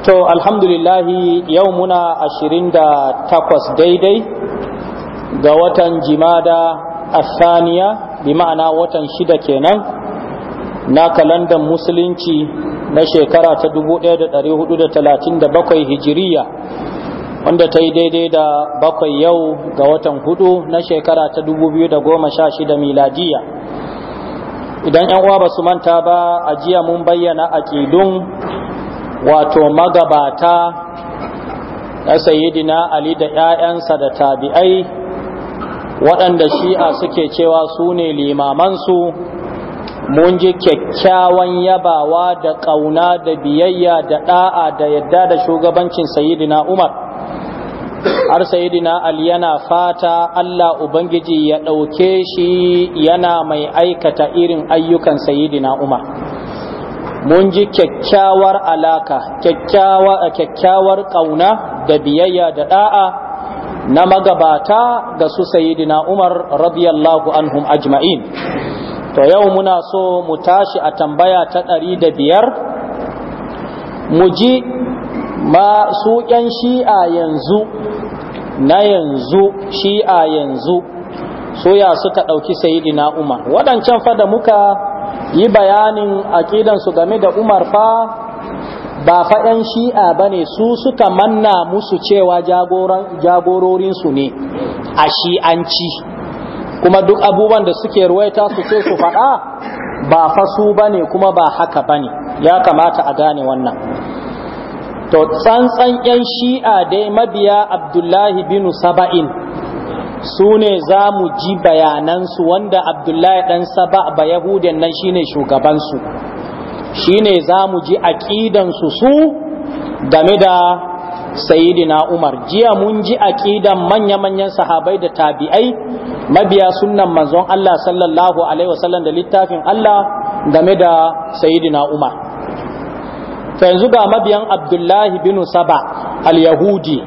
To alhamdulillah yau muna ashirin da takwas daidai ga watan jimada asaniya bi ma'ana watan shida kenan na kalandar musulunci na shekara ta 1437 hijiriya wanda ta yi daidai da bakwai yau ga watan hudu na shekara ta 2016 miladiya idan 'yan uwa ba su manta ba a jiya mun bayyana aƙidun wato magabata na sayidina ali da 'ya'yansa da tabi'ai waɗanda shi'a suke cewa su ne limamansu mun ji kyakkyawan yabawa da ƙauna da biyayya da ɗa'a da yadda da shugabancin sayidina umar har sayidina ali yana fata allah ubangiji ya ɗauke shi yana mai aikata irin ayyukan sayidina umar mun ji kyakkyawar alaka eh, kyakkyawar ƙauna da biyayya da ɗa'a na magabata ga su sayidina umar radiyallahu anhum ajma'in to yau muna so mu tashi a tambaya ta ɗari da biyar mu ji ma su ‘yan shi'a yanzu na yanzu shi'a yanzu soya suka ɗauki sayidina umar waɗancan fa da muka yi bayanin aƙidansu game da umar fa ba faɗan shi'a ba ne su suka manna musu cewa jagororinsu ne a shi'anci kuma duk abubuwan da suke ruwaita su ce su faɗa ba fa su ba ne kuma ba haka ba ne ya kamata a gane wannan to tsantsan 'yan shi'a dai mabiya abdullahi binu saba'in su ne za mu ji bayanansu wanda abdullahi ɗan saba ba yahudiyan nan shine shugabansu shine za mu ji aƙidansu su game da sayidina umar jiya mun ji aƙidan manya-manyan sahabai da tabi'ai mabiya sunnan manzon allah sallallahu alaihi wasallam da littafin allah game da sayidina umar yanzu ga mabiyan abdullahi bin saba al-yahudi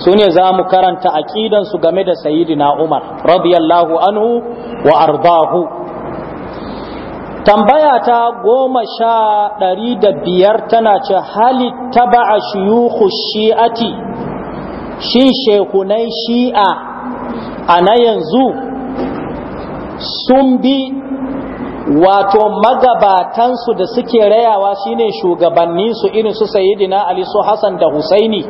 su ne za mu karanta aƙidansu game da sayidina umar radiyallahu anhu wa ardahu tambaya ta goma sha ɗari da biyar tana ce hali a shiyuhu shi'ati shi shekunai shi'a a na yanzu sun bi wato magabatansu da suke rayawa shine shugabanninsu irin su sayidina ali su hassan da husaini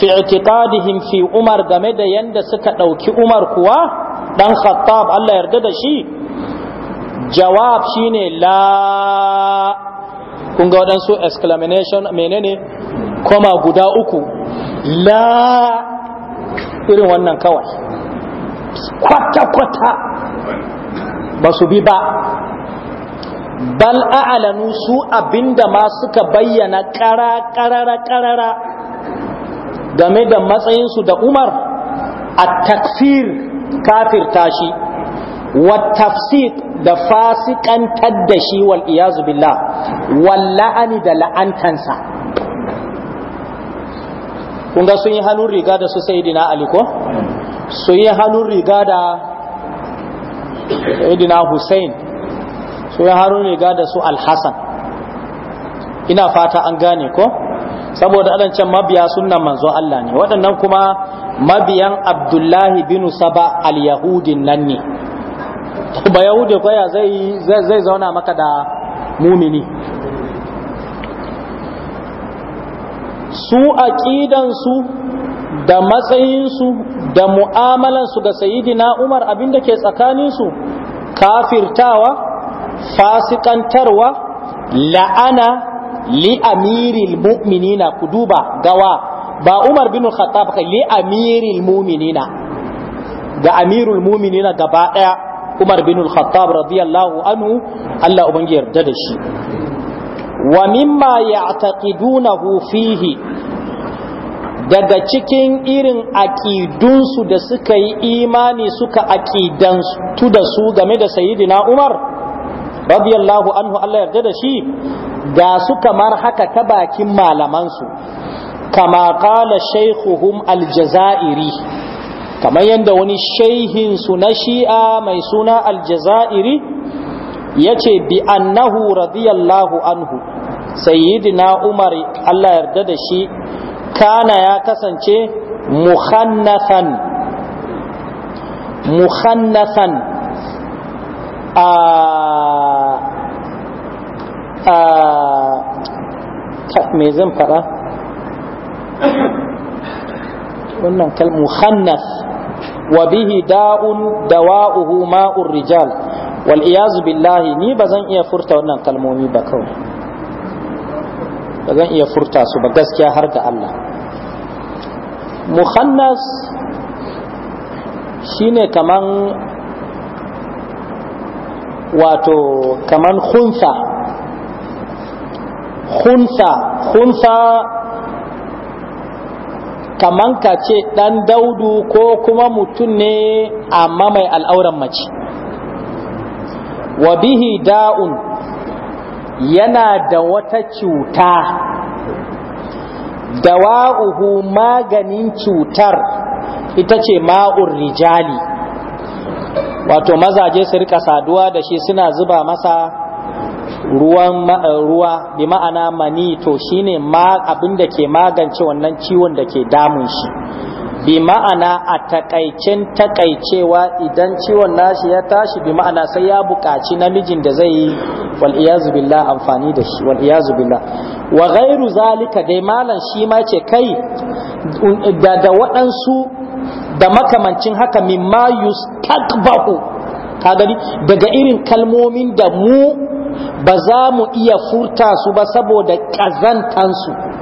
fi i'tiqadihim fi Umar game da yanda suka ɗauki Umar kuwa dan Khattab Allah yarda da shi jawab shine la kun ga waɗansu exclamation menene koma guda uku la irin wannan kawai kwata-kwata ba su bi ba bal a'alanu su abinda ma suka bayyana ƙara-ƙarara-ƙarara game da matsayinsu da umar a takfir kafirta tashi, wa tafsik da fasikantar da shi wal iyazu billah wal la'ani da la'antansa kun ga sun yi hannun riga da su sayidina ali ko sun yi hannun riga da sayidina hussein sun yi hannun riga da su alhassan ina fata an gane ko saboda adancan mabiya sunnan manzon Allah ne waɗannan kuma mabiyan abdullahi bin saba al yahudi nan ne ba yahudi kwaya zai zai zauna maka da mumini su aqidansu da matsayinsu da mu'amalansu ga sayidina umar abinda ke tsakaninsu kafirtawa fasikantarwa la'ana li amiril mu'minina ku duba gawa ba Umar bin Khattab kai li amiril mu'minina ga amirul mu'minina gaba Umar bin Khattab radiyallahu anhu Allah ubangi yarda da shi wa mimma ya'taqidunahu fihi daga cikin irin aƙidunsu da suka yi imani suka aƙidantu da su game da sayidina Umar radiyallahu anhu Allah yarda da shi ga su kamar haka ta bakin malamansu kama kala shaykhuhum aljazairi kamar yadda wani shaihin su na shi'a mai suna aljazairi yace bi annahu radiyallahu anhu sayyidina umar Allah yarda da shi kana ya kasance muhannasan muhannasan a me zan faɗa wannan kalmu wa bihi da'un dawa'uhu ma'ur rijal wal iyazu billahi ni ba zan iya furta wannan kalmomi ba kawai ba zan iya furta su ba gaskiya har da Allah muhannas shine kaman wato kaman khunsa khunsa khunsa kaman ka ce dan daudu ko kuma mutum ne amma mai al'auran mace wa bihi da'un yana da wata cuta dawa'uhu maganin cutar ita ce ma'ur rijali wato mazaje su rika saduwa da shi suna zuba masa ruwan eh, ruwa bi ma'ana mani to shine ma abin da ke magance wannan ciwon da ke damun shi bi ma'ana a takaicin takaicewa idan ciwon nashi ya tashi bi ma'ana sai ya buƙaci namijin da zai yi wal'iyazu billah amfani da shi wal'iyazu billah wa ghairu zalika dai malam shi ma ce kai da da waɗansu da makamancin haka ma yustakbahu ka gani daga irin kalmomin da mu ba za mu iya furta su ba saboda ƙazantansu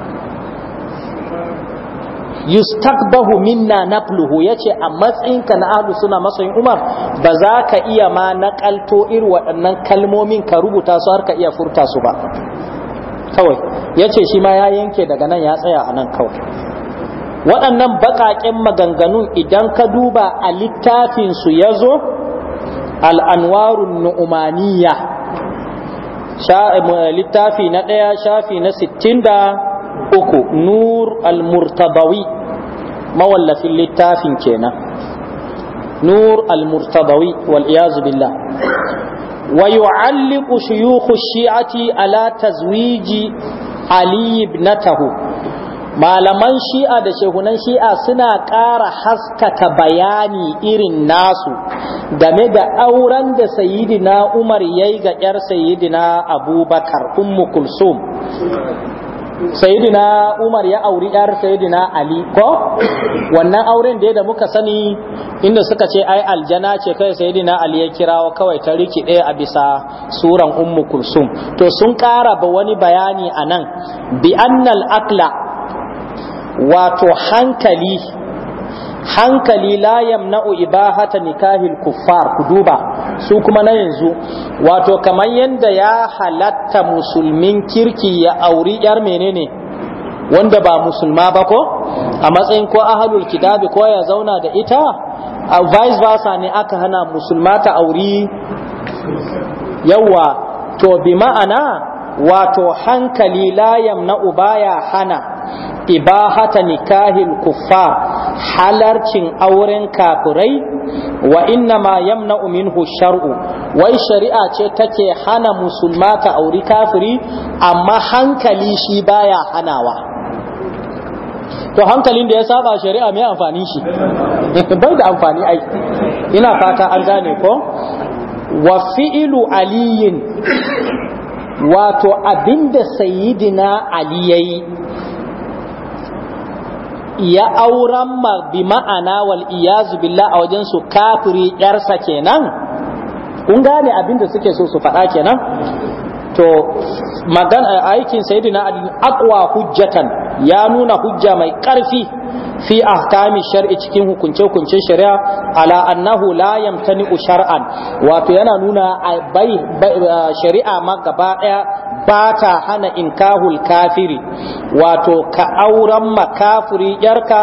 yustakbahu minna nafluhu yace a matsayinka na ahlu suna masoyin Umar ba za ka iya ma nakalto irin waɗannan kalmomin ka rubuta su har ka iya furta su ba kawai yace shi ma ya yanke daga nan ya tsaya a nan kawai waɗannan baƙaƙen maganganun idan ka duba a littafin su yazo al-anwarun nu'maniyya eh, littafi na ɗaya shafi na sittin da uku nur al-murtabawi mawallafin littafin kenan nur al-murtabawi wal billah wa yu'alliqu shuyukhu shi'ati ala tazwiji ali ibnatahu malaman shi'a da shehunan shi'a suna ƙara haskata bayani irin nasu game da auren da sayyidina umar yayi ga 'yar sayyidina abubakar ummu kulsum sayidina umar ya auri yar sayidina ali ko wannan auren da da muka sani inda suka ce ai aljana ce kai sayidina ali ya kirawo kawai ta riki ɗaya a bisa suran ummu kulsum to sun ƙara ba wani bayani a nan bi annal akla wato hankali hankali la yamna'u ibahata nikahil kuffar ku duba su kuma na yanzu wato kamar yadda ya halatta musulmin kirki ya auri yar menene wanda ba musulma ba ko a matsayin ko ahalul kitabi ko ya zauna da ita a vice versa ne aka hana musulma ta auri yawa to bi ma'ana wato hankali la yamna'u baya hana ibahata nikahil kuffar halarcin auren kafirai wa inna ma yamna minhu shar'u wai shari'a ce take hana musulma ta auri kafiri amma hankali shi baya hanawa to hankalin da ya saba shari'a mai amfani shi bai da amfani ai ina fata an gane ko wa filu aliyin wato abinda sayyidina ali yayi ya auren ma bi ma'ana wal iyazu billah a wajen su kafiri yarsa kenan kun gane abin da suke so su faɗa kenan to magan aikin sayyidina ali aqwa hujjatan ya nuna hujja mai karfi fi ahkami shar'i cikin hukunce-hukuncen shari'a ala annahu la yamtani shar'an wato yana nuna bai shari'a ma gaba daya bata hana in inkahul kafiri wato ka auren makafiri yarka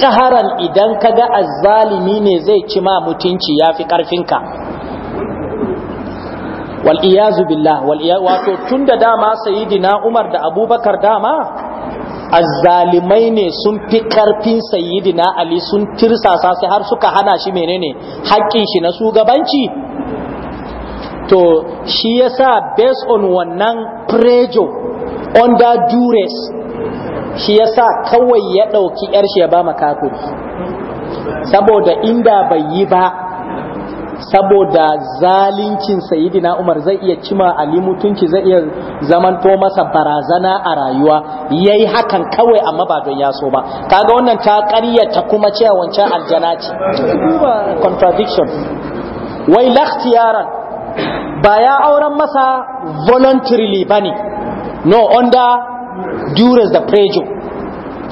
kaharan idan kaga azzalimi ne zai ci ma mutunci yafi fi wal iyazu billah wal wato tunda dama sayyidina Umar da Abubakar dama azzalimai ne sun fi ƙarfin sayyidina Ali sun tirsasa sai har suka hana shi menene haƙƙin shi na shugabanci to shi yasa based on wannan pressure under duress shi yasa kawai ya ɗauki yar shi ya ba makafiri saboda inda bai yi ba saboda zalincin sayidina umar zai iya cima ali mutunci zai iya zamanto masa barazana a rayuwa yayi hakan kawai amma ba don yaso ba kaga wannan ta ƙaryata kuma cewa wancan aljana ce contradiction wai lakhtiyaran ba ya auren masa voluntarily ba ne no under duress da prejo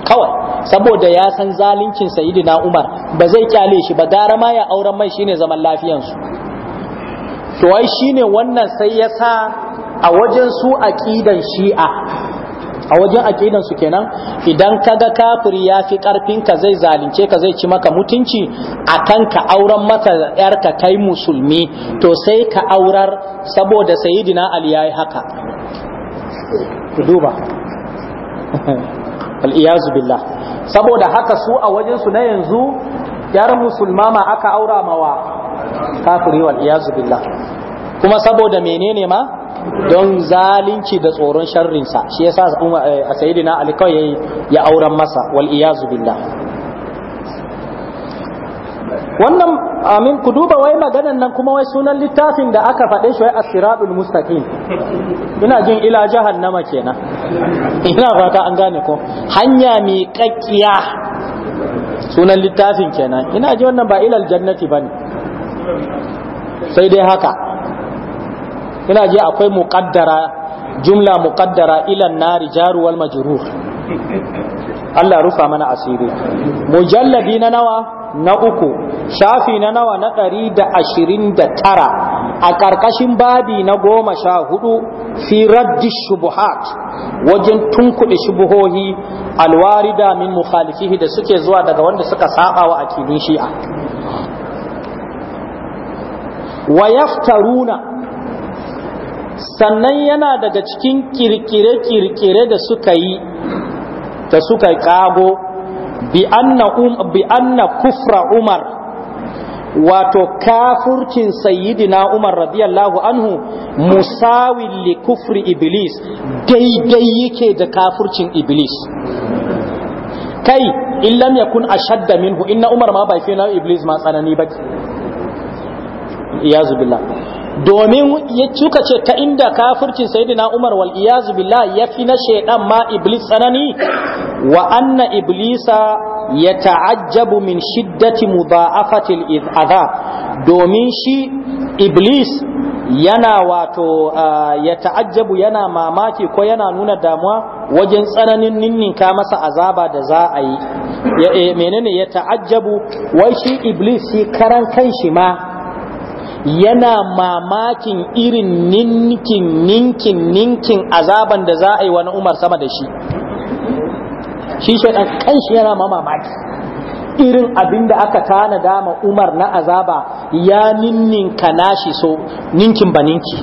kawai saboda ya san zalincin na umar ba zai kyale shi ba gara ma ya auren mai shine zaman lafiyansu to ai shine wannan sai ya sa a wajen su aqidan shi'a a wajen aqidan su kenan idan kaga kafiri ya fi karfin ka zai zalunce ka zai ci maka mutunci akan ka auren yar ka kai musulmi to sai ka aurar saboda sayyidina ali yayi haka Ku duba al'iyazu billah saboda haka su a wajensu na yanzu yar musulma ma aka aura mawa kafiri wal iyazu billah kuma saboda menene ma don zalunci da tsoron sharrinsa shi yasa a eh, sayidina ali kawai ya auren masa wal iyazu billah wannan amin ku duba wai maganan nan kuma wai sunan littafin da aka faɗe shi wai as-siratul mustaqim ina jin ila jahannama kenan ina fata an gane ko hanya mai kakkiya sunan littafin kenan ina ji wannan ba ilal jannati bane sai dai haka ina ji akwai muƙaddara jumla muƙaddara ilan nari jaru wal majrur Allah rufa mana asiri mujalladi na nawa na uku shafi na nawa na ɗari da ashirin da tara a ƙarƙashin babi na goma sha hudu fi raddi shubuhat wajen tunkuɗe shubuhohi alwarida min mukhalifihi da suke zuwa daga wanda suka saba wa akidin shi'a wa yaftaruna sannan yana daga cikin kirkire-kirkire da suka yi da suka kago um, bi anna kufra umar wato kafurcin sayyidina umar radiyallahu anhu musawil li kufri iblis daidai yake da kafurcin iblis kai illam yakun ashadda minhu inna umar ma bai fi na iblis ma tsanani baki iyazu billah domin ya cuka ce ta inda kafircin sayyidina Umar wal iyazu billah fi na shaidan ma iblis tsanani wa anna iblisa ta'ajjabu min shiddati mudha'afati al domin shi iblis yana wato ya ta'ajjabu yana mamaki ko yana nuna damuwa wajen tsananin ninninka masa azaba da za a yi eh, menene ya ta'ajjabu wai shi iblis shi karan shi ma yana mamakin irin ninkin ninkin ninkin azaban da za a yi wani umar sama da shi shi shaidan kanshi yana mamaki irin abin da aka tana dama umar na azaba ya ninninka nashi so ninkin ba ninki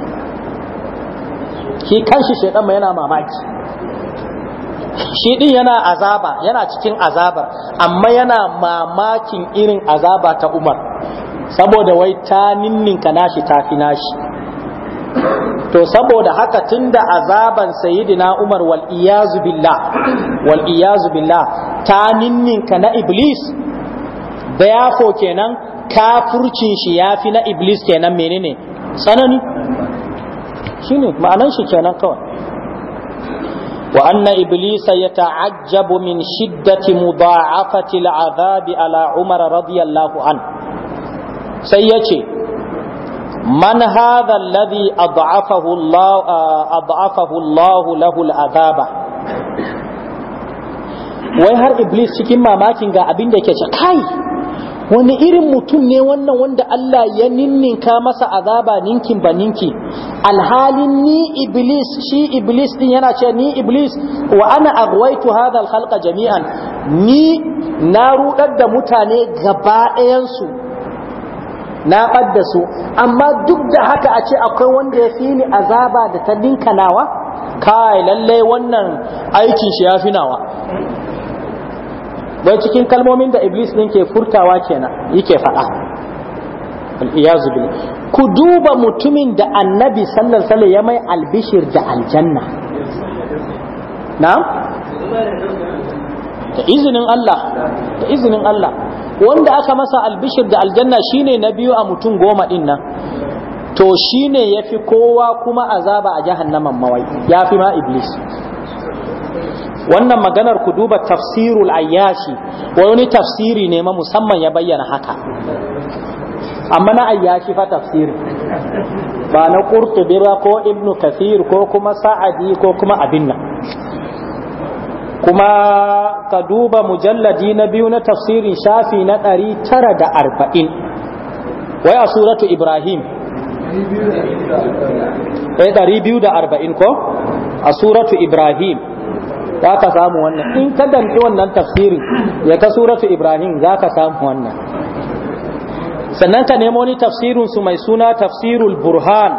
shi kanshi shaidan ma yana mamaki shi din yana azaba yana cikin azabar amma yana mamakin irin azaba ta umar saboda wai ta ninninka nashi ta fi nashi to saboda haka tunda azaban sayyidina Umar wal iyazu billah wal iyazu billah ta ninninka na iblis da ya yafo kenan kafurcin shi ya fi na iblis kenan menene tsanani shine ma'anan shi kenan kawai wa anna iblisa yata'ajjabu min shiddati mudha'afati al'azabi ala Umar radiyallahu anhu sai ya ce man haɗa alladhi ad'afahu Allah ad'afahu wai har iblis cikin mamakin ga abin da yake ce kai wani irin mutum ne wannan wanda Allah ya ninninka masa azaba ninkin ba ninki alhalin ni iblis shi iblis din yana ce ni iblis wa ana Agwaitu hadha halka jami'an ni na rudar da mutane gaba ɗayan su na ɓadda su amma duk da haka a ce akwai wanda ya fi ni azaba da ta dinka nawa kai lallai wannan aikin shi ya fi nawa wai cikin kalmomin da iblis din ke furtawa kenan yake faɗa al'iyazu bil ku duba mutumin da annabi sallallahu alaihi ya mai albishir da aljanna na da izinin Allah da izinin Allah wanda aka masa albishir da aljanna shine na biyu a mutum goma din nan to shine yafi kowa kuma azaba a jahannaman mawai yafi ma iblis wannan maganar ku duba tafsirul ayyashi wani tafsiri ne ma musamman ya bayyana haka amma na ayyashi fa tafsiri ba na qurtubi ba ko ibnu kathir ko kuma sa'adi ko kuma abinna kuma ka duba mujalladi na biyu na tafsirin shafi na ɗari tara da arba'in wai a suratu ibrahim ɗari biyu da arba'in ko a suratu ibrahim za ka samu wannan in ka danɗi wannan tafsirin ya ka suratu ibrahim za ka samu wannan sannan ka nemo ni tafsirinsu mai suna tafsirul burhan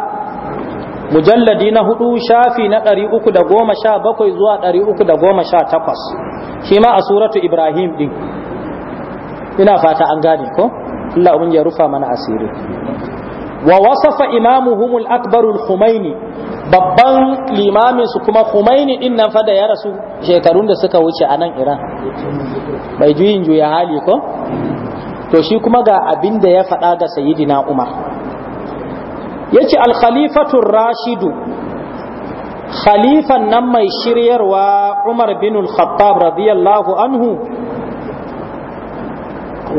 mujalladi na hudu shafi na ɗari uku da goma sha bakwai zuwa ɗari uku da goma sha takwas shi ma a suratu ibrahim din ina fata an gane ko Allah abin ya rufa mana asiri wa wasafa imamuhum al-akbar al-Khumaini babban limamin su kuma Khumaini din nan fa da ya rasu shekarun da suka wuce a nan Iran bai juyin juya hali ko to shi kuma ga abin da ya faɗa ga sayyidina Umar yace al-khalifatu rashidu khalifan nan mai shiryarwa umar bin al-khattab radiyallahu anhu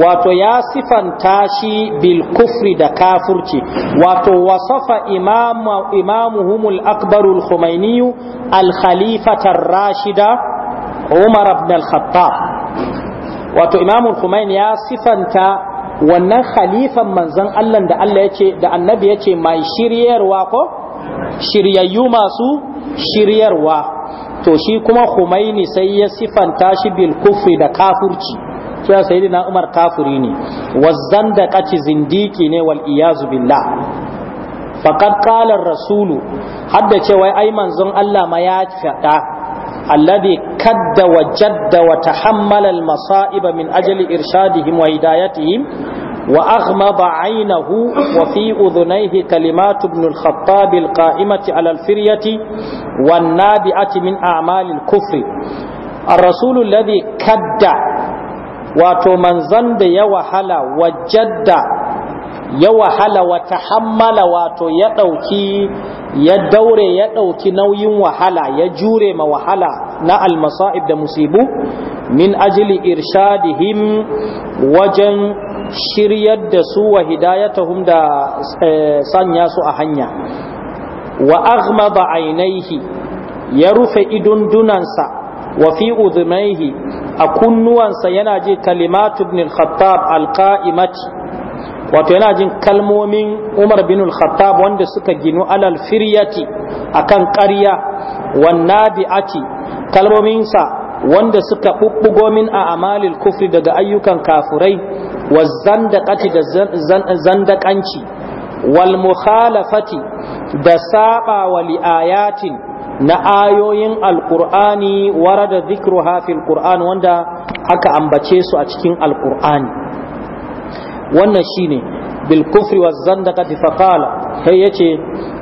wato ya sifanta shi bil kufri da kafurci wato wasafa imamuhumul akbarul khumainiyu al-khalifatar rashida umar ibn al-khattab wato imamul khumaini ya sifanta wannan khalifan manzon Allah da Allah yace da annabi yace mai shiryarwa ko shiryayyu masu shiryarwa to shi kuma Khumaini sai ya sifanta shi bil kufri da kafurci sai sayyidina Umar kafuri ne wazzan da kaci zindiki ne wal iyazu billah faqad qala rasulu hadda wai ai manzon Allah ma ya faɗa wa كد masa'iba min ajali من أجل wa hidayatihim وأغمض عينه وفي أذنيه كلمات ابن الخطاب القائمة على الفرية والنابئة من أعمال الكفر الرسول الذي كد وتمنزن يوحل وجد يوحل وتحمل واتو يدوكي يدور يدوكي نوي وحلا يجور ما وحلا نا المصائب دا مصيبو من أجل إرشادهم وجن shiryar da su wa hidayatahum da eh, sanya su a hanya wa aghmada ainaihi ya rufe idun dunansa wa fi udhunaihi a kunnuwansa yana ji kalimatu ibn al-khattab al-qa'imati wato yana jin kalmomin Umar bin al-Khattab wanda suka ginu alal firyati akan ƙarya wan nabi'ati kalmominsa wanda suka bubbugo min a amalil kufri daga ayyukan kafurai wa zandaqati da zandakanci wal mukhalafati da saɓawa wa liayatin na ayoyin alqur'ani da dhikruha fil qur'an wanda aka ambace su a cikin alƙur'ani wannan shine bil kufri wa zandaqati faqala sai yace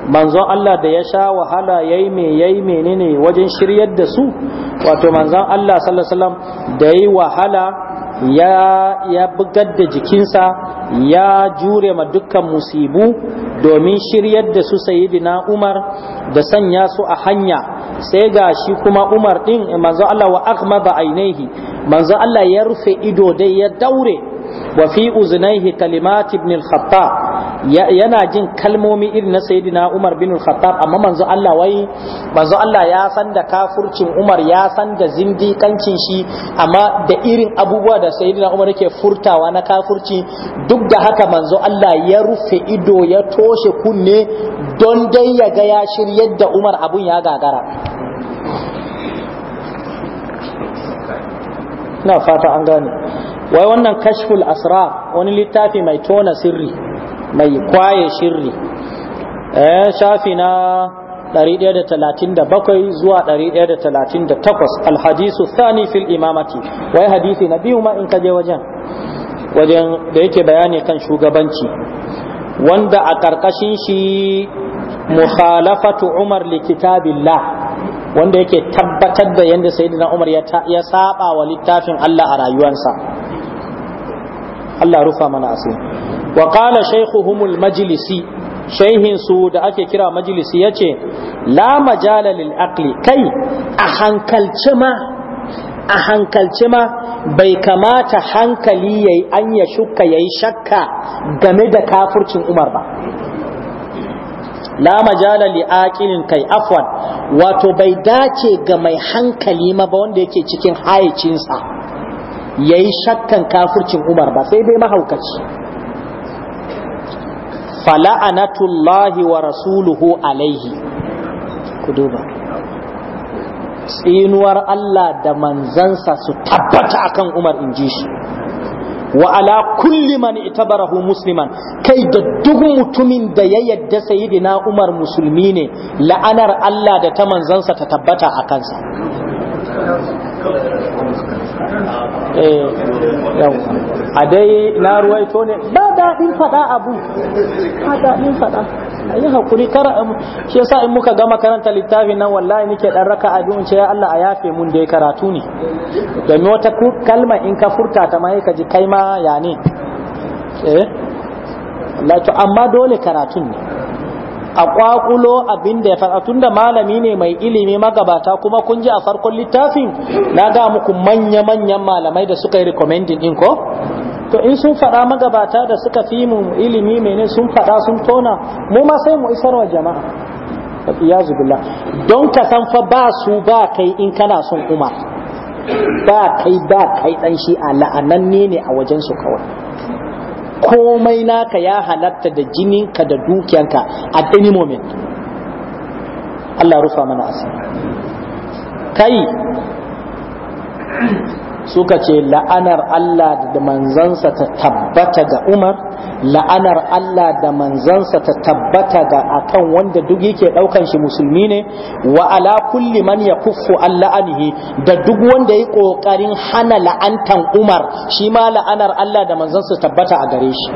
manzon Allah da ya sha wahala yayi me yayi menene wajen shiryar da su wato manzon Allah sallallahu alaihi wasallam da yayi wahala ya ya bugar da jikinsa ya jure ma dukkan musibu domin shiryar da su sayyidina Umar da sanya su a hanya sai ga shi kuma Umar din manzo Allah wa akhma ba ainihi manzo Allah ya rufe ido dai ya daure wa fi uznaihi kalimat ibn al-Khattab yana jin kalmomi irin na sayidina Umar bin Khattab amma manzo Allah wai manzo Allah ya san da kafurcin Umar ya san da zindiƙancin shi amma da irin abubuwa da sayidina Umar yake furtawa na kafurci duk da haka manzo Allah ya rufe ido ya toshe kunne don dai ya ga ya shirye da Umar abun ya gagara na fata an gane wai wannan kashful asrar wani littafi mai tona sirri mai kwaye shirri eh, shafi na 137 zuwa 138 alhadisu sani fil imamati wai hadisi na biyu ma in kaje wajen wajen da yake bayani kan shugabanci wanda a ƙarƙashin shi mukhalafatu umar likita kitabillah wanda yake tabbatar da yadda sayyidina umar ya saba wa littafin Allah a rayuwarsa Allah rufa mana asiri wa qala shaykhuhumul majlisi shaihin su da ake kira majlisi yace la majala lil aqli kai a hankalce ma a hankalce ma bai kamata hankali yayi an ya shukka yayi shakka game da kafircin Umar ba la majala li aqilin kai afwan wato bai dace ga mai hankali ma ba wanda yake cikin hayacinsa ya yi shakkan kafircin umar ba sai dai mahaukaci fala'anatullahi wa rasuluhu alaihi ku duba tsinuwar Allah da manzansa su tabbata akan umar in ji shi wa ala kulli man itabarahu musliman kai da duk mutumin da ya yadda sayyidina Umar musulmi ne la'anar Allah da ta manzansa ta tabbata a kansa eh a dai na ruwaito ne ba daɗin faɗa abu ba daɗin faɗa a yi haƙuri kar shi yasa in muka gama karanta littafi nan wallahi nake ɗan raka abin ce ya Allah a yafe mun da ya karatu ne domin wata kalma in ka furta ta ma ka ji kai ma ya ne eh amma dole karatun ne a kwakulo abin da ya faɗa tunda malami ne mai ilimi magabata kuma kun ji a farkon littafin na ga muku manya-manyan malamai da suka yi recommending din ko to in sun faɗa magabata da suka fi mu ilimi mene sun faɗa sun tona mu ma sai mu isar wa jama'a iyazu billah don ka san fa ba su ba kai in kana son umar ba kai ba kai dan shi a la'ananne ne a wajen su kawai komai naka ya halatta da jinin ka da dukiyanka at any moment Allah rufa mana asiri kai suka ce la'anar Allah da manzansa ta tabbata ga Umar la'anar Allah da manzansa ta tabbata ga akan wanda duk yake daukan shi musulmi ne wa ala kulli man yakuffu alla'anihi da duk wanda yi kokarin hana la'antan Umar shi ma la'anar Allah da manzansa tabbata a gare shi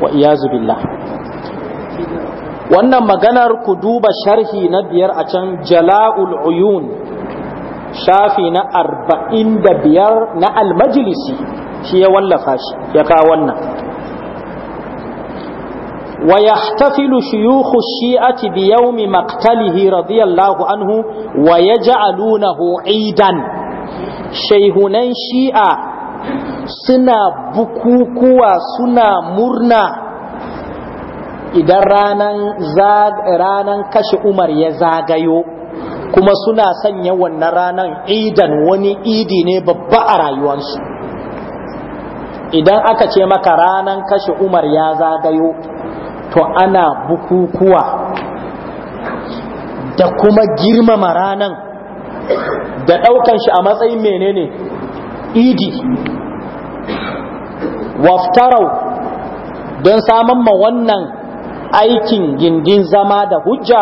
wa iyazu billah wannan maganar ku duba sharhi na biyar a can jala'ul uyun shafi na arba'in da biyar na almajilisi shi ya wallafa shi ya kawo wannan wa yahtafilu shuyukhu shi'ati bi yawmi maqtalihi radiyallahu anhu wa yaj'alunahu 'idan shaihunan shi'a suna bukukuwa suna murna idan ranan kashe Umar ya zagayo kuma suna sanya wannan ranar idan wani idi ne babba a rayuwarsu idan aka ce maka ranar kashe umar ya zagayo to ana bukukuwa da kuma girmama ranar da ɗaukan shi a matsayin menene idi waftarau don saman ma wannan aikin gindin zama da hujja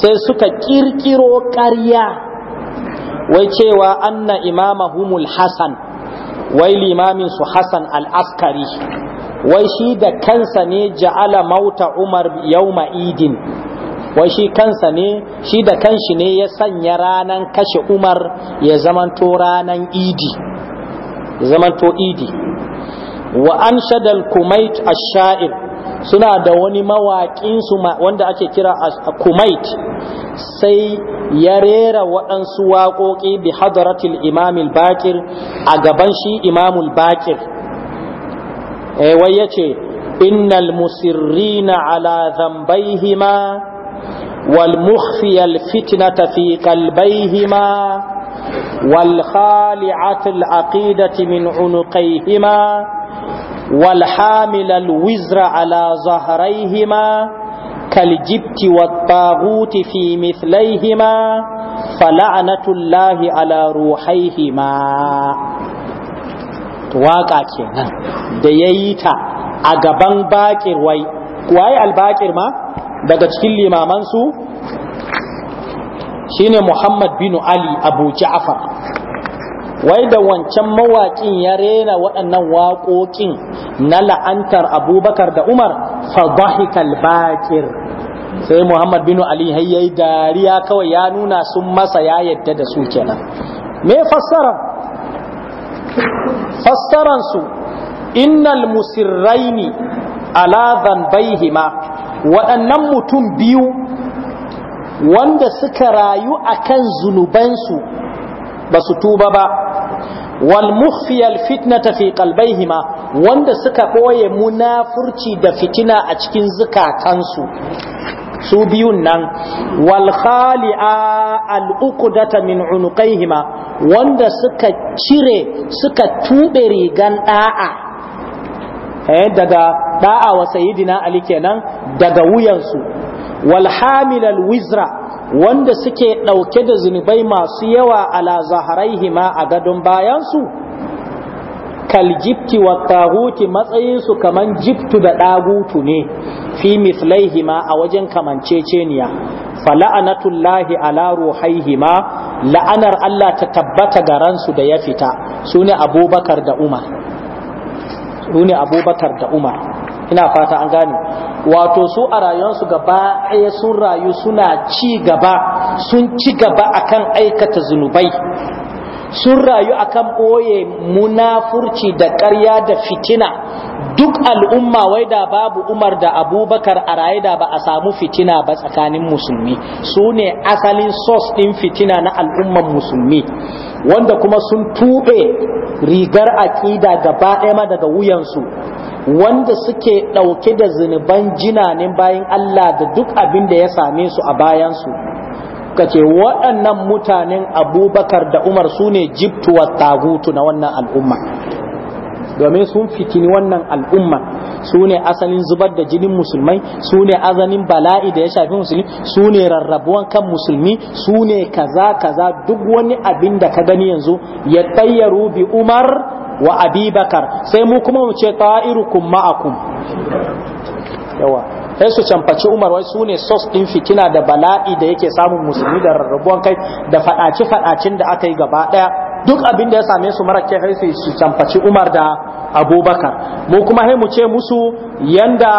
sai suka kirkiro ƙarya wai cewa anna Imama Humul hasan wai limamin su hasan al-askari wai shi da kansa ne ja'ala mauta umar yau idin wai shi kansa ne shi da kanshi ne ya sanya ranan kashe umar ya zamanto ranan idi ya zamanto idi wa an anshadal kumait ash-sha'ir suna da wani mawaƙinsu wanda ake kira kumait sai ya rera waɗansu waƙoƙi bi hadaratil imamul bakir a gaban shi imamul bakir eh, wai ya ce innal musirrina ala zambaihima wal mukhfiyal fitnata fi qalbaihima wal khali'atul aqidati min unuqaihima والحامل الوزر على ظهريهما كالجبت والطاغوت في مثليهما فلعنة الله على روحيهما واقع كنا ديتا أقبان باكر وي واي الباكر ما daga cikin limamansu shine Muhammad bin Ali Abu Ja'far wai da wancan mawaƙin ya rena waɗannan waƙoƙin na la'antar abubakar da umar fadahikal bakir sai muhammad bin ali yayi dariya kawai ya nuna sun masa ya yadda da su kenan me fassara fassaran su innal musirraini ala dhanbaihima waɗannan mutum biyu wanda suka rayu akan zunubansu ba su tuba ba wal mukhfiyal fitnata fi qalbayhima wanda suka ɓoye munafurci da fitina a cikin zukatansu su biyun nan wal khali'a al uqdata min unuqayhima wanda suka cire suka tube rigan da'a eh, daga ɗa'a wa sayyidina ali kenan daga wuyansu wal hamilal wizra wanda suke ɗauke da zunubai masu yawa ala ma a gadon bayansu kaljibti wa taguti matsayinsu kaman jibtu da ɗagutu ne fi ma a wajen kamanceceniya fala'anatullahi ala ma. la'anar Allah ta tabbata ga ransu da ya fita da umar su ne abubakar da umar ina fata an gane wato su a rayuwarsu gaba ɗaya sun rayu suna ci gaba sun ci gaba akan aikata zunubai sun rayu a kan ɓoye munafurci da ƙarya da fitina duk al'umma wai da babu umar da abubakar a raye da ba a samu fitina ba tsakanin musulmi su ne asalin sos ɗin fitina na al'umman musulmi wanda kuma sun tuɓe rigar aƙida gaba ɗaya ma daga wuyansu wanda suke ɗauke da zunuban jinanin bayan Allah da duk abin da ya same su a bayansu suka ce waɗannan mutanen abubakar da umar su ne jiftuwa tagutu na wannan al'umma domin sun fitini wannan al'umma su ne asalin zubar da jinin musulmai su ne azanin bala'i da ya shafi musulmi su ne rarrabuwan kan musulmi su ne kaza kaza duk wani abin da ka gani yanzu ya tayyaru bi umar wa abubakar sai mu kuma mu ce ta'irukum ma'akum yawa sai su canfaci umar wai su ne sos ɗin fitina da bala'i da yake samun musulmi da rarrabuwan kai da faɗaci faɗacin da aka yi gaba ɗaya duk abin da ya same su mara kyau sai su canfaci umar da abubakar mu kuma sai mu ce musu yanda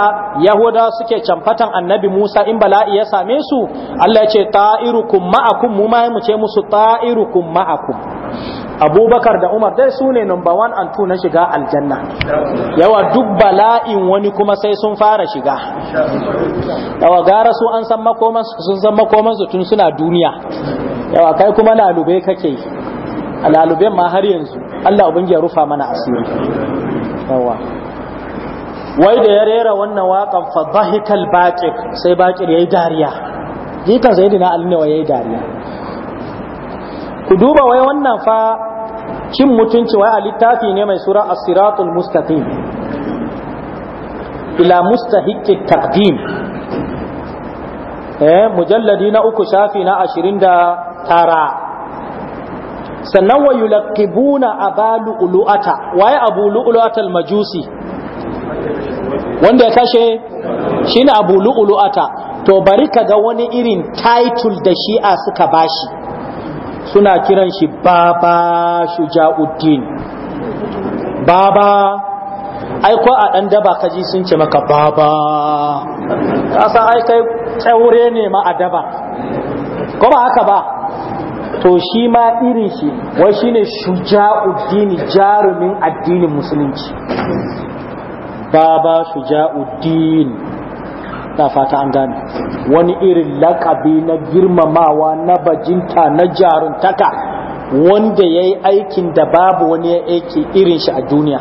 yahuda suke camfatan annabi musa in bala'i ya same su allah ya ce ta'irukum ma'akum mu ma mu ce musu ta'irukum ma'akum abubakar da umar dai su ne number one and two na shiga aljanna yawa duk bala'in wani kuma sai sun fara shiga yawa gara su an san makoman sun san makoman su tun suna duniya yawa kai kuma lalube kake a laluben ma har yanzu Allah ubangi ya rufa mana asiri yawa wai da ya rera wannan waƙan fa dhahikal baqir sai baqir yayi dariya jikan sayyidina ali ne yayi dariya ku duba wai wannan fa cin mutunci wai a littafi ne mai sura asiratul siratul mustaqim ila mustahiqqi taqdim eh mujalladi na uku shafi na tara. sannan wa yulaqibuna abalu uluata wai abu lu'luata majusi wanda ya kashe shine abu lu'luata to bari ka ga wani irin title da shi'a suka bashi suna kiran shi baba shuja'uddin baba ai ko a ɗan daba kaji sun ce maka baba kasa ai kai tsaure ne ma a daba ko ba haka ba to shi ma irin shi wai shi ne jarumin addinin musulunci baba shuja'uddin Ina fata an gane wani irin lakabi na girmamawa na bajinta na jaruntaka wanda ya yi aikin da babu wani ya aiki irin shi a duniya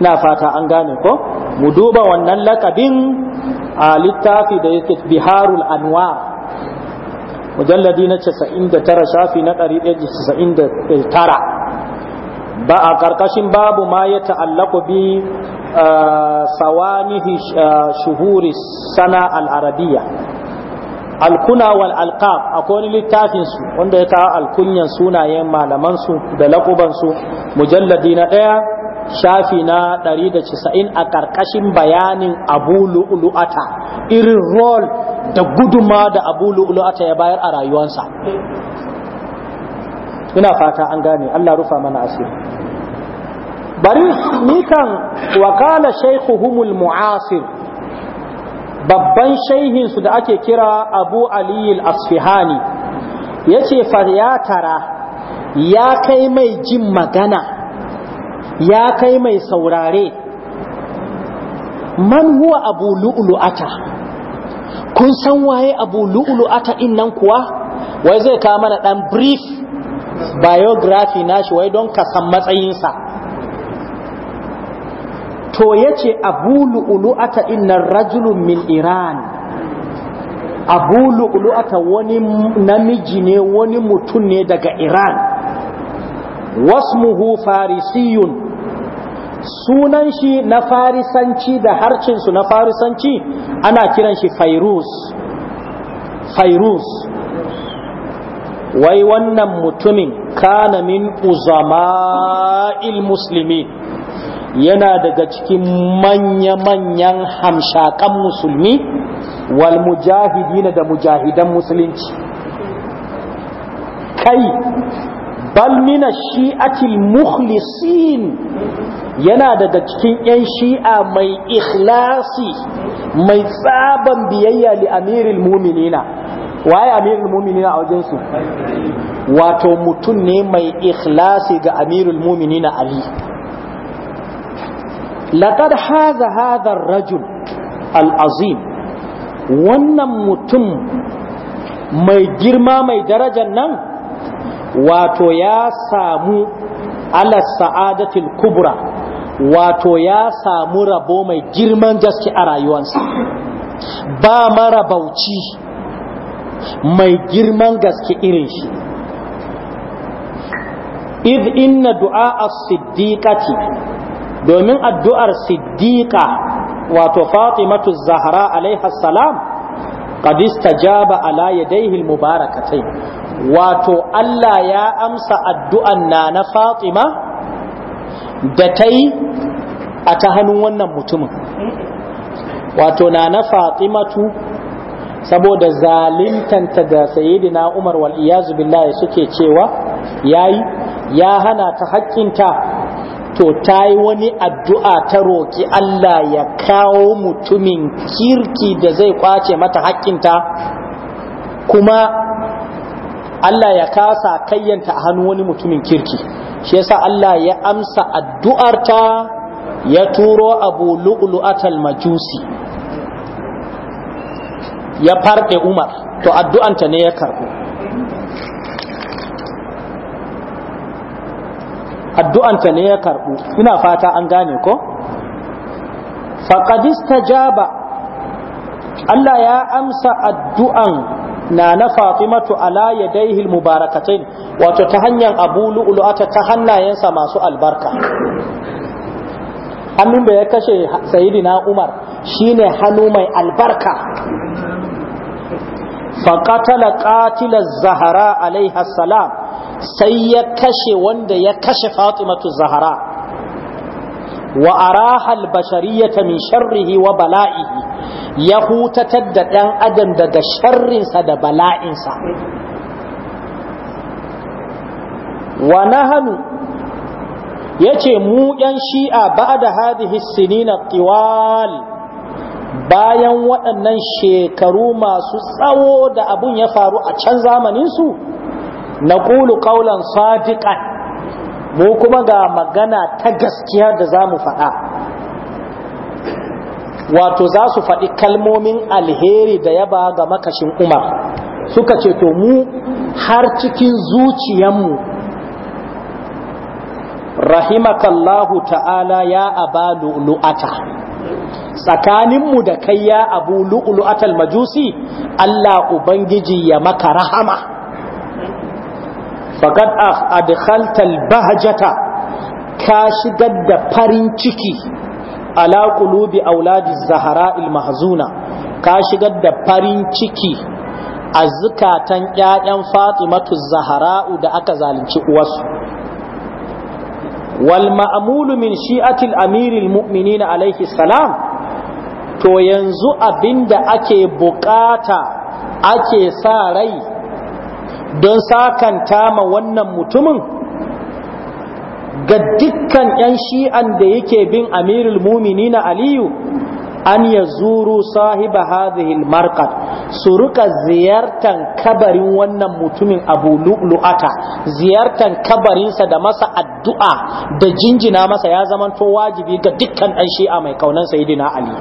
na fata an gane ko mu duba wannan lakabin a littafi da yake biharul anwa mujalladi na 99 shafi na 199 ba a karkashin babu ma ya ta'allaku bi eh, sawamihi eh, shuhuri sana al'arabiya alkuna wal alqab akwai wani littafin su wanda ya kawo alkunyan sunayen malaman su da laƙuban su mujalladi na ɗaya shafi na 190 a ƙarƙashin bayanin abu lu'ata, irin rol da guduma da abu lu'ata ya bayar a rayuwarsa ina fata an gane Allah rufa mana asiri bari ni kan wakala Humul mu'asir babban shaihin su da ake kira Abu aliyul asfihani yace fa ya tara ya kai mai jin magana ya kai mai saurare man huwa abu lu'lu'ata kun san waye abu lu'lu'ata din kuwa wai zai kawo mana dan brief biography nashi wai don ka san matsayinsa to yace abu lu'lu'ata innar rajulun min iran abu lu'lu'ata wani namiji ne wani mutum ne daga iran wasmuhu farisiyun sunan shi na farisanci da harcinsu na farisanci ana kiran shi fairuz fairuz wai wannan mutumin kana min uzama'il musulmi yana daga cikin manya-manyan hamshakan musulmi wal mujahidina da mujahidan musulunci kai bal mina shi'atil mukhlisin yana daga cikin 'yan shi'a mai ikhlasi mai tsaban biyayya li amiril muminina waye amirul mu'minin a wajen su wato mutum ne mai ikhlasi ga amirul mu'minin ali laqad haza hadha ar-rajul al-azim wannan mutum mai girma mai darajar nan wato ya samu ala sa'adatil kubra wato ya samu rabo mai girman gaske a rayuwarsa ba marabauci mai girman gaske irin shi id inna du'a as-siddiqati domin addu'ar siddiqa wato fatimatu zahra alaiha salam qad istajaba ala yadayhi al-mubarakatayn wato Allah ya amsa addu'an na na fatima da tai a ta hannun wannan mutumin wato na na fatimatu saboda zalintanta da sayidina Umar wal iyazu billahi suke cewa yayi ya hana ta haƙƙinta to ta wani addu'a ta roki Allah ya kawo mutumin kirki da zai kwace mata haƙƙinta kuma Allah ya kasa kayyanta a hannu wani mutumin kirki shi yasa Allah ya amsa addu'arta ya turo abu lu'lu'atal majusi ya farɗe umar to addu'anta ne ya karɓo? addu'anta ne ya karɓo? ina fata an gane ko faƙadista jaba Allah ya amsa addu'an na na fatimatu ala yadaihil mubarakatain wato ta hanyar abu lu'lu'ata ta hannayensa masu albarka hannun da ya kashe sayidina umar shine hannu mai albarka faƙatala ƙatilar zahara alaiha salam sai ya kashe wanda ya kashe fatimatu zahara wa arahal bashariyata min sharrihi wa bala'ihi ya hutatar da ɗan adam daga sharrinsa da bala'insa wa nahanu ya ce mu ‘yan shi'a ba da hadihis sinina tiwal bayan waɗannan shekaru masu tsawo da abun ya faru a can zamaninsu na ƙulu ƙaunar sadiƙa mu kuma ga magana ta gaskiya da za mu faɗa wato za su faɗi kalmomin alheri da ya ba ga makashin umar suka ce to mu har cikin zuciyanmu rahimakallahu ta'ala ya abalu lu'ata tsakaninmu da kai ya abu lu'ulu'atal majusi Allah Ubangiji ya maka rahama faqad adkhaltal bahjata ka shigar da farin ciki ala qulubi auladi zahara'il mahzuna ka shigar da farin ciki a zukatan ƴaƴan Fatimatu Zahra'u da aka zalunci uwarsu wal ma'amulu min shi'atil amiril mu'minina alaihi to yanzu abinda ake bukata ake sa rai don sakanta ma wannan mutumin ga dukkan 'yan shi'an da yake bin amirul mu'minina aliyu an ya zuru sahiba hadhihi marqat su rika ziyartan kabarin wannan mutumin abu lu'lu'ata ziyartan kabarinsa da masa addu'a da jinjina masa ya zamanto wajibi ga dukkan ɗan shi'a mai kaunan sayyidina ali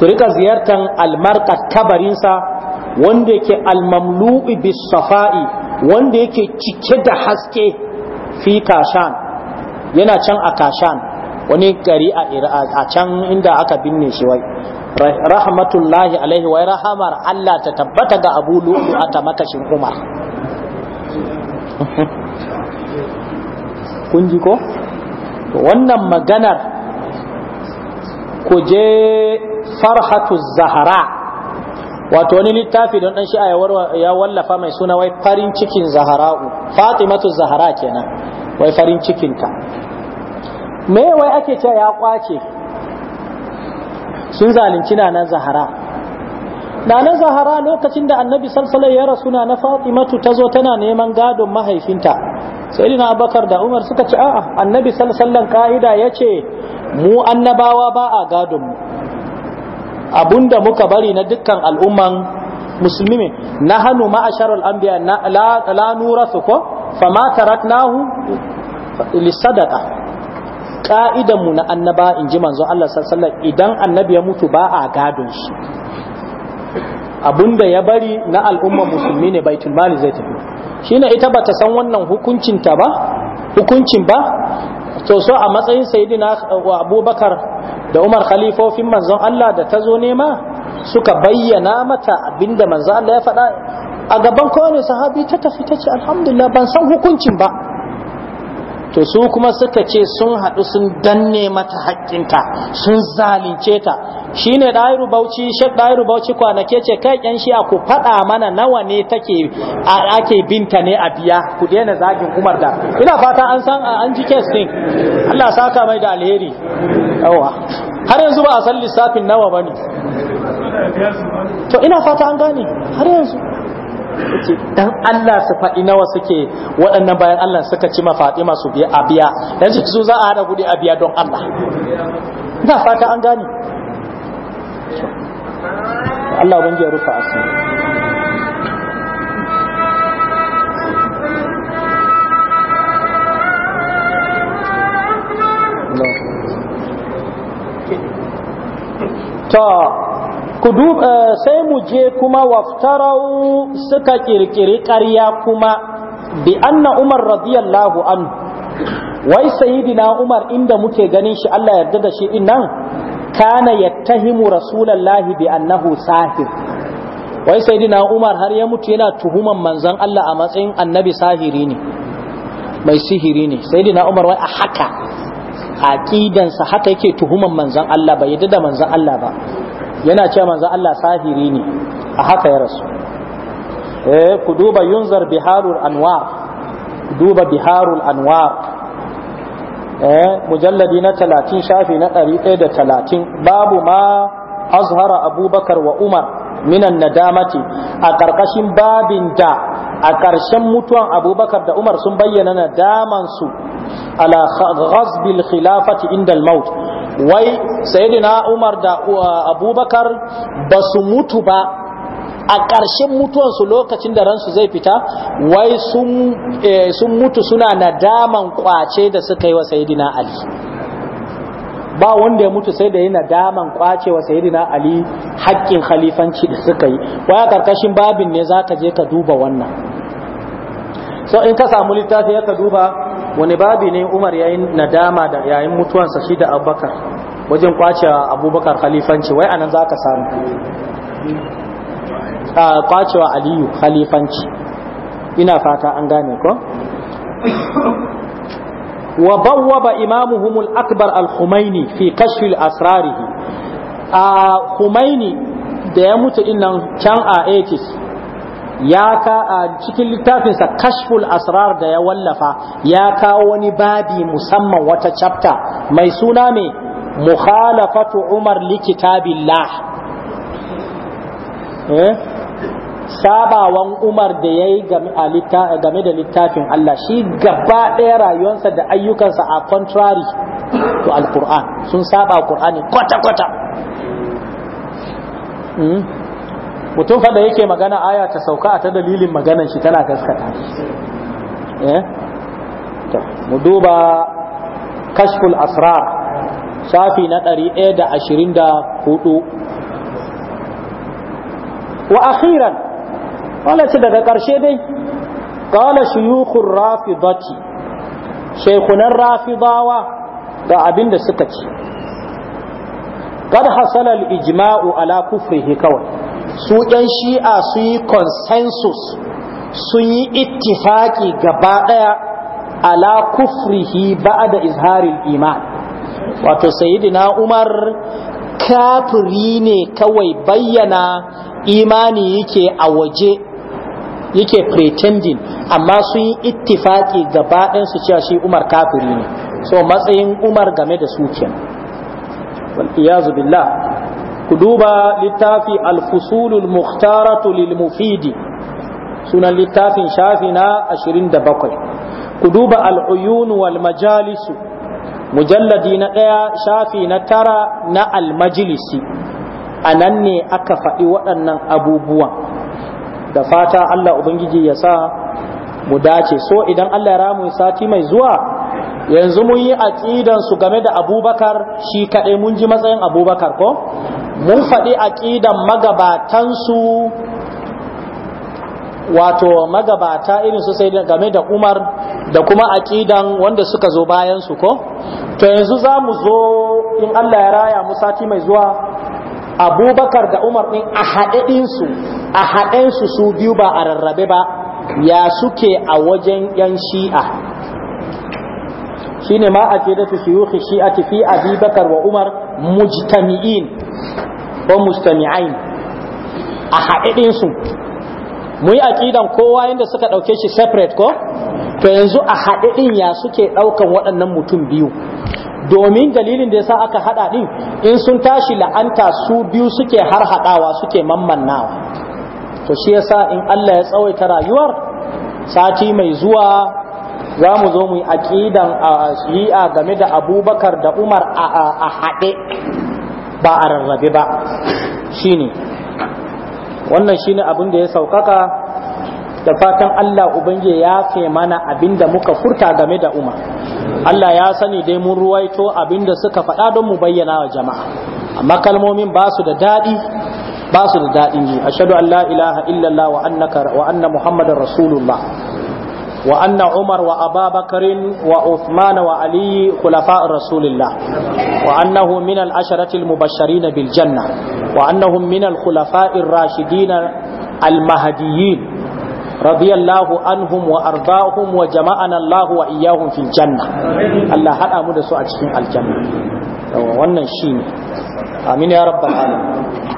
su rika ziyartan almarqat kabarinsa wanda yake almamlu'i bis safa'i wanda yake cike da haske fi kashan yana can a kashan wani gari a can inda aka binne shi wai rahmatullahi alaihi wai rahamar Allah ta tabbata ga abu a ta makashin umar kun ji ko wannan maganar kuje farhatu zahara wato wani littafi don dan shi'a ya wallafa mai suna wai farin cikin zahara'u fatimatu zahara kenan wai farin cikinta me wai ake cewa ya kwace sun zalunci na zahara na zahara lokacin da annabi salsalai ya rasu na na fatimatu ta zo tana neman gadon mahaifinta sai abakar da umar suka ce a'a annabi salsallan ka'ida ya ce mu annabawa ba a gadon mu abunda muka bari na dukkan al'umman musulmi na hannu ma'asharar anbiya la nura su ko fa ma taraknahu lissadaka mu na annaba in ji manzon Allah sallallahu idan annabi ya mutu ba a gadon shi abunda ya bari na al'umma musulmi ne baitul mali zai tafi shine ita bata san wannan hukuncin ta ba hukuncin ba to so a matsayin sayyidina uh, Abubakar da Umar khalifofin manzon Allah da ta zo nema suka bayyana mata abinda manzon Allah ya faɗa a gaban kowane sahabi ta tafi ta ce alhamdulillah ban san hukuncin ba to su kuma suka ce sun haɗu sun danne mata haƙƙinta sun zalince ta shine ɗayiru bauchi shek ɗayiru bauchi kwanake ce kai ƴan shi ku faɗa mana nawa ne take a ake binta ne a biya ku daina zagin umar da ina fata an san an ji kes ɗin Allah saka mai da alheri yawa har yanzu ba a san lissafin nawa bane to ina fata an gane har yanzu dan Allah su faɗi nawa suke waɗannan bayan Allah suka ci mafaɗi masu biya a biya dan su za a hada kuɗi a biya don Allah ina fata an gane Allah ban ya rufa asiri to Eh, sai mu je kuma waftarau suka kirkiri ƙarya kuma bi anna umar radiyallahu an wai sayidina umar inda muke ganin shi Allah yarda da shi innan nan kana yattahimu rasulallahi bi annahu sahir wai sayidina umar har ya mutu yana tuhuman manzon Allah a matsayin annabi sahiri ne mai sihiri ne sayidina umar wai a haka aqidansa haka yake tuhuman manzon Allah Bai yarda da manzon Allah ba yana ce manzo Allah sahiri ne a haka ya rasu eh ku duba yunzar biharul anwar duba biharul anwar eh mujalladi na 30 shafi na 130 babu ma azhara abubakar wa umar minan nadamati a karkashin babin da a ƙarshen mutuwan abubakar da umar sun bayyana nadamansu ala ghazbil khilafati inda maut wai sayyidina Umar da uh, Abubakar ba su mutu ba a ƙarshen mutuwansu lokacin da ransu zai fita wai sun eh, mutu suna nadaman kwace da suka yi wa sayidina ali ba wanda ya mutu sai da yi nadaman kwace wa sayidina ali haƙƙin khalifanci da suka yi wai a ƙarƙashin babin ne za ka je ka duba wannan so in ka samu littafi ya ka duba wani babi ne umar yayin nadama da yayin mutuwansa shi da abubakar wajen kwace abubakar khalifanci wai anan za ka samu kwacewa aliyu khalifanci ina fata an gane ko wa bawwaba imamuhum al-akbar al-khumaini fi kashfi al-asrarihi a khumaini da ya mutu dinnan can a 80 ya ka a cikin littafinsa kashful asrar da ya wallafa ya kawo wani babi musamman wata chapter mai suna mai mukhalafatu umar li kitabillah eh sabawan umar da ya yi game da littafin Allah shi gaba ɗaya rayuwarsa da ayyukansa a contrary to alkur'an sun saba alkur'ani kwata-kwata hmm? mutum faɗa yake magana aya ta sauka a ta dalilin maganan shi tana gaskata eh mu duba kashful asrar shafi na 124 wa akhiran wala ce daga karshe dai qala shuyukhur rafidati shaykhunan rafidawa ga abin da suka ce قد حصل ijma'u ala كفره kawai. su ɗan shi'a su yi consensus sun yi ittifaki gaba ɗaya ala kufrihi da izharil iman wato sayyidina umar kafiri ne kawai bayyana imani yake a waje yake pretending amma sun yi ittifaki gaba ɗayan su cewa shi umar kafiri ne so matsayin umar game da su kenan billah ku duba littafi alfusulul mukhtaratu lil mufidi sunan littafin shafi na 27 ku duba al'uyun wal majalisu mujalladi na ɗaya shafi na tara na almajilisi a nan ne aka faɗi waɗannan abubuwan da fata Allah Ubangiji ya sa mu dace so idan Allah ya ramu sati mai zuwa yanzu mun yi aqidan su game da abubakar shi kaɗai mun ji matsayin abubakar ko mun faɗi aƙidan magabatansu wato magabata irin su sai game da umar da kuma aƙidan wanda suka zo bayansu ko to yanzu za mu zo in allah ya raya mu sati mai zuwa abubakar da umar ɗin a haɗaɗinsu a haɗensu su biyu ba a rarrabe ba ya suke a wajen yan shi'a ne ma a ke da fi shi'a fi abubakar wa umar mujtami'in ko mustami'ain a haɗaɗin su mu yi aƙidan kowa yadda suka ɗauke shi separate ko to yanzu a haɗaɗin ya suke ɗaukan waɗannan mutum biyu domin dalilin da yasa aka haɗa ɗin in sun tashi la'anta su biyu suke har haɗawa suke mammannawa to shi yasa in Allah ya tsawaita rayuwar sati mai zuwa za mu zo mu yi aƙidan a shi'a game da abubakar da umar a haɗe ba a rarrabe ba ne wannan shine abin da ya saukaka da fatan Allah ubangi ya fe mana abin da muka furta game da umar Allah ya sani dai mun ruwaito abin da suka faɗa don mu bayyana wa jama'a amma kalmomin ba su da daɗi ba su da daɗin ji ashhadu an la ilaha illallah wa annaka wa anna muhammadar rasulullah وأن عمر وأبا بكر وعثمان وعلي خلفاء رسول الله وأنه من العشرة المبشرين بالجنة وأنهم من الخلفاء الراشدين المهديين رضي الله عنهم وأرضاهم وجمعنا الله وإياهم في الجنة الله هل أمد سؤال الجنة wannan shi ne amin ya rabbal alamin